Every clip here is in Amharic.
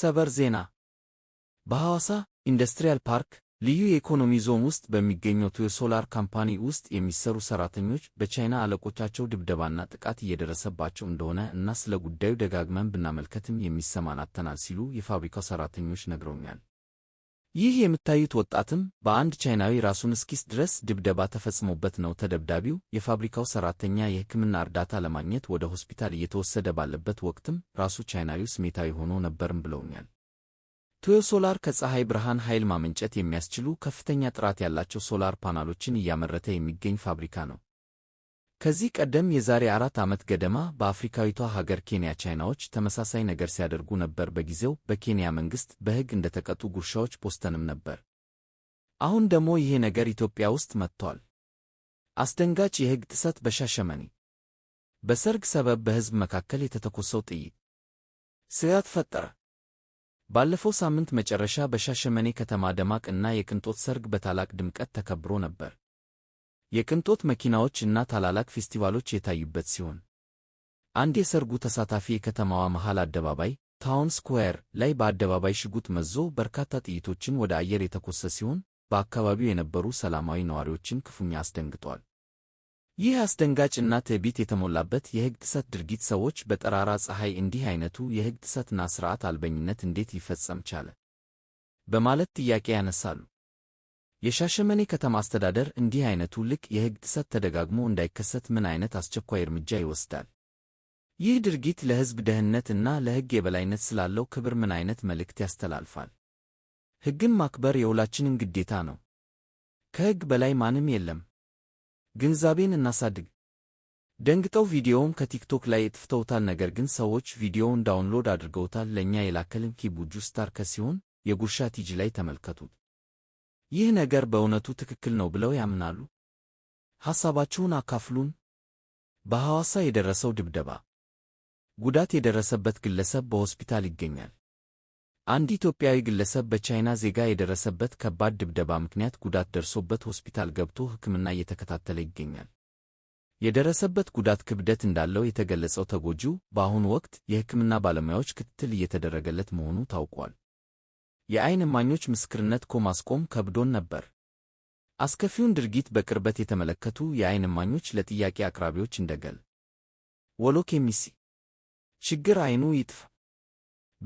ሰበር ዜና በሐዋሳ ኢንዱስትሪያል ፓርክ ልዩ የኢኮኖሚ ዞን ውስጥ በሚገኘው የሶላር ሶላር ካምፓኒ ውስጥ የሚሰሩ ሰራተኞች በቻይና አለቆቻቸው ድብደባና ጥቃት እየደረሰባቸው እንደሆነ እና ስለ ጉዳዩ ደጋግመን ብናመልከትም የሚሰማን አጥተናል ሲሉ የፋብሪካው ሰራተኞች ነግረውኛል። ይህ የምታዩት ወጣትም በአንድ ቻይናዊ ራሱን እስኪስ ድረስ ድብደባ ተፈጽሞበት ነው። ተደብዳቢው የፋብሪካው ሰራተኛ የሕክምና እርዳታ ለማግኘት ወደ ሆስፒታል እየተወሰደ ባለበት ወቅትም ራሱ ቻይናዊው ስሜታዊ ሆኖ ነበርም ብለውኛል። ቶዮ ሶላር ከፀሐይ ብርሃን ኃይል ማመንጨት የሚያስችሉ ከፍተኛ ጥራት ያላቸው ሶላር ፓናሎችን እያመረተ የሚገኝ ፋብሪካ ነው። ከዚህ ቀደም የዛሬ አራት ዓመት ገደማ በአፍሪካዊቷ ሀገር ኬንያ ቻይናዎች ተመሳሳይ ነገር ሲያደርጉ ነበር። በጊዜው በኬንያ መንግሥት በሕግ እንደተቀጡ ጉርሻዎች ፖስተንም ነበር። አሁን ደግሞ ይሄ ነገር ኢትዮጵያ ውስጥ መጥቷል። አስደንጋጭ የሕግ ጥሰት በሻሸመኔ በሰርግ ሰበብ በሕዝብ መካከል የተተኮሰው ጥይት ስጋት ፈጠረ። ባለፈው ሳምንት መጨረሻ በሻሸመኔ ከተማ ደማቅ እና የቅንጦት ሰርግ በታላቅ ድምቀት ተከብሮ ነበር። የቅንጦት መኪናዎች እና ታላላቅ ፌስቲቫሎች የታዩበት ሲሆን አንድ የሰርጉ ተሳታፊ የከተማዋ መሃል አደባባይ ታውን ስኩዌር ላይ በአደባባይ ሽጉጥ መዞ በርካታ ጥይቶችን ወደ አየር የተኮሰ ሲሆን በአካባቢው የነበሩ ሰላማዊ ነዋሪዎችን ክፉኛ አስደንግጧል። ይህ አስደንጋጭ እና ትዕቢት የተሞላበት የሕግ ጥሰት ድርጊት ሰዎች በጠራራ ፀሐይ እንዲህ አይነቱ የሕግ ጥሰትና ሥርዓት አልበኝነት እንዴት ሊፈጸም ቻለ? በማለት ጥያቄ ያነሳሉ። የሻሸመኔ ከተማ አስተዳደር እንዲህ አይነቱ ልቅ የሕግ ጥሰት ተደጋግሞ እንዳይከሰት ምን አይነት አስቸኳይ እርምጃ ይወስዳል? ይህ ድርጊት ለሕዝብ ደህንነት እና ለሕግ የበላይነት ስላለው ክብር ምን አይነት መልእክት ያስተላልፋል? ሕግን ማክበር የሁላችንን ግዴታ ነው። ከሕግ በላይ ማንም የለም። ግንዛቤን እናሳድግ። ደንግጠው ቪዲዮውን ከቲክቶክ ላይ የጥፍተውታል። ነገር ግን ሰዎች ቪዲዮውን ዳውንሎድ አድርገውታል። ለእኛ የላከልን ኪቡጁ ስታርከ ሲሆን የጉርሻ ቲጂ ላይ ተመልከቱት። ይህ ነገር በእውነቱ ትክክል ነው ብለው ያምናሉ? ሐሳባችሁን አካፍሉን። በሐዋሳ የደረሰው ድብደባ ጉዳት የደረሰበት ግለሰብ በሆስፒታል ይገኛል። አንድ ኢትዮጵያዊ ግለሰብ በቻይና ዜጋ የደረሰበት ከባድ ድብደባ ምክንያት ጉዳት ደርሶበት ሆስፒታል ገብቶ ሕክምና እየተከታተለ ይገኛል። የደረሰበት ጉዳት ክብደት እንዳለው የተገለጸው ተጎጂው በአሁኑ ወቅት የሕክምና ባለሙያዎች ክትትል እየተደረገለት መሆኑ ታውቋል። የዓይን እማኞች ምስክርነት ኮማስቆም ማስቆም ከብዶን ነበር። አስከፊውን ድርጊት በቅርበት የተመለከቱ የዓይን እማኞች ለጥያቄ አቅራቢዎች እንደገል ወሎ ኬሚሲ ችግር ዓይኑ ይጥፋ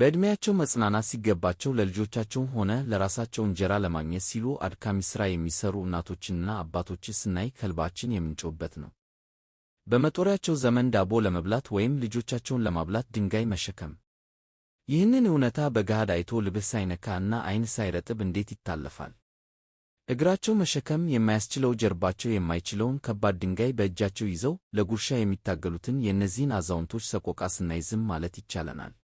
በዕድሜያቸው መጽናናት ሲገባቸው ለልጆቻቸውም ሆነ ለራሳቸው እንጀራ ለማግኘት ሲሉ አድካሚ ሥራ የሚሠሩ እናቶችንና አባቶች ስናይ ከልባችን የምንጮውበት ነው። በመጦሪያቸው ዘመን ዳቦ ለመብላት ወይም ልጆቻቸውን ለማብላት ድንጋይ መሸከም ይህንን እውነታ በገሃድ አይቶ ልብስ ሳይነካ እና አይን ሳይረጥብ እንዴት ይታለፋል? እግራቸው መሸከም የማያስችለው ጀርባቸው የማይችለውን ከባድ ድንጋይ በእጃቸው ይዘው ለጉርሻ የሚታገሉትን የእነዚህን አዛውንቶች ሰቆቃ ስናይ ዝም ማለት ይቻለናል።